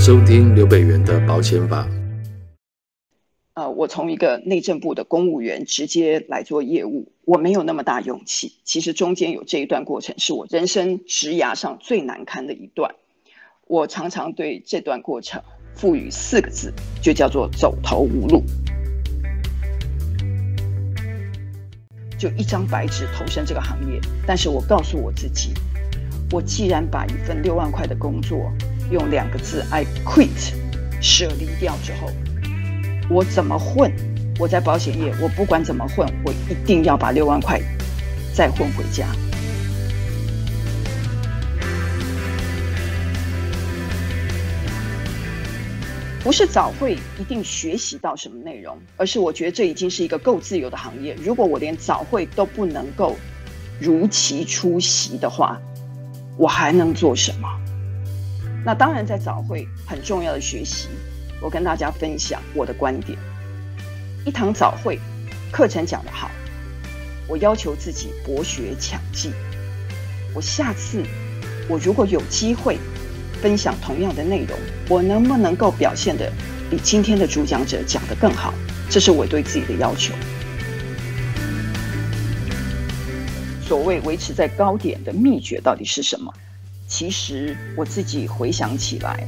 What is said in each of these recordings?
收聽劉北元的保險法。呃，我從一個內政部的公務員直接來做業務，我沒有那麼大勇氣。其實中間有這一段過程，是我人生職涯上最難堪的一段。我常常對這段過程賦予四個字，就叫做走投無路。就一張白紙投身這個行業，但是我告訴我自己，我既然把一份六萬塊的工作。用兩個字，I quit，捨離掉之後，我怎麼混？我在保險業，我不管怎麼混，我一定要把六萬塊再混回家。不是早會一定學習到什麼內容，而是我覺得這已經是一個夠自由的行業。如果我連早會都不能夠如期出席的話，我還能做什麼？那當然，在早會很重要的學習，我跟大家分享我的觀點。一堂早會課程講得好，我要求自己博學強記。我下次，我如果有機會分享同樣的內容，我能不能夠表現得比今天的主講者講得更好？這是我對自己的要求。所謂維持在高點的秘訣到底是什麼？其實我自己回想起來，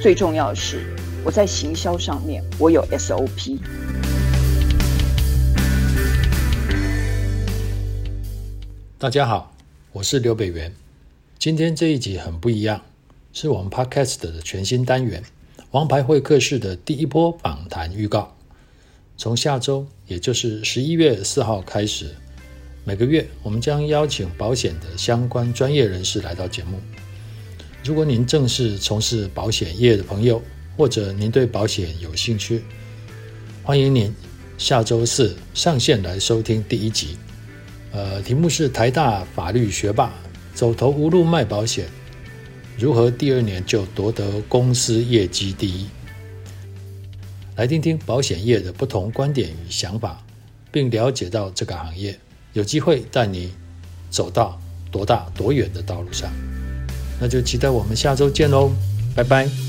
最重要的是我在行銷上面我有 SOP。大家好，我是劉北元，今天這一集很不一樣，是我們 Podcast 的全新單元《王牌會客室》的第一波訪談預告，從下周，也就是十一月四號開始。每個月，我們將邀請保險的相關專業人士來到節目。如果您正是從事保險業的朋友，或者您對保險有興趣，歡迎您下周四上線來收聽第一集。呃，題目是“台大法律學霸走投無路賣保險，如何第二年就奪得公司業績第一”，來聽聽保險業的不同觀點與想法，並了解到這個行業。有機會帶你走到多大多遠的道路上，那就期待我們下周見嘍，拜拜。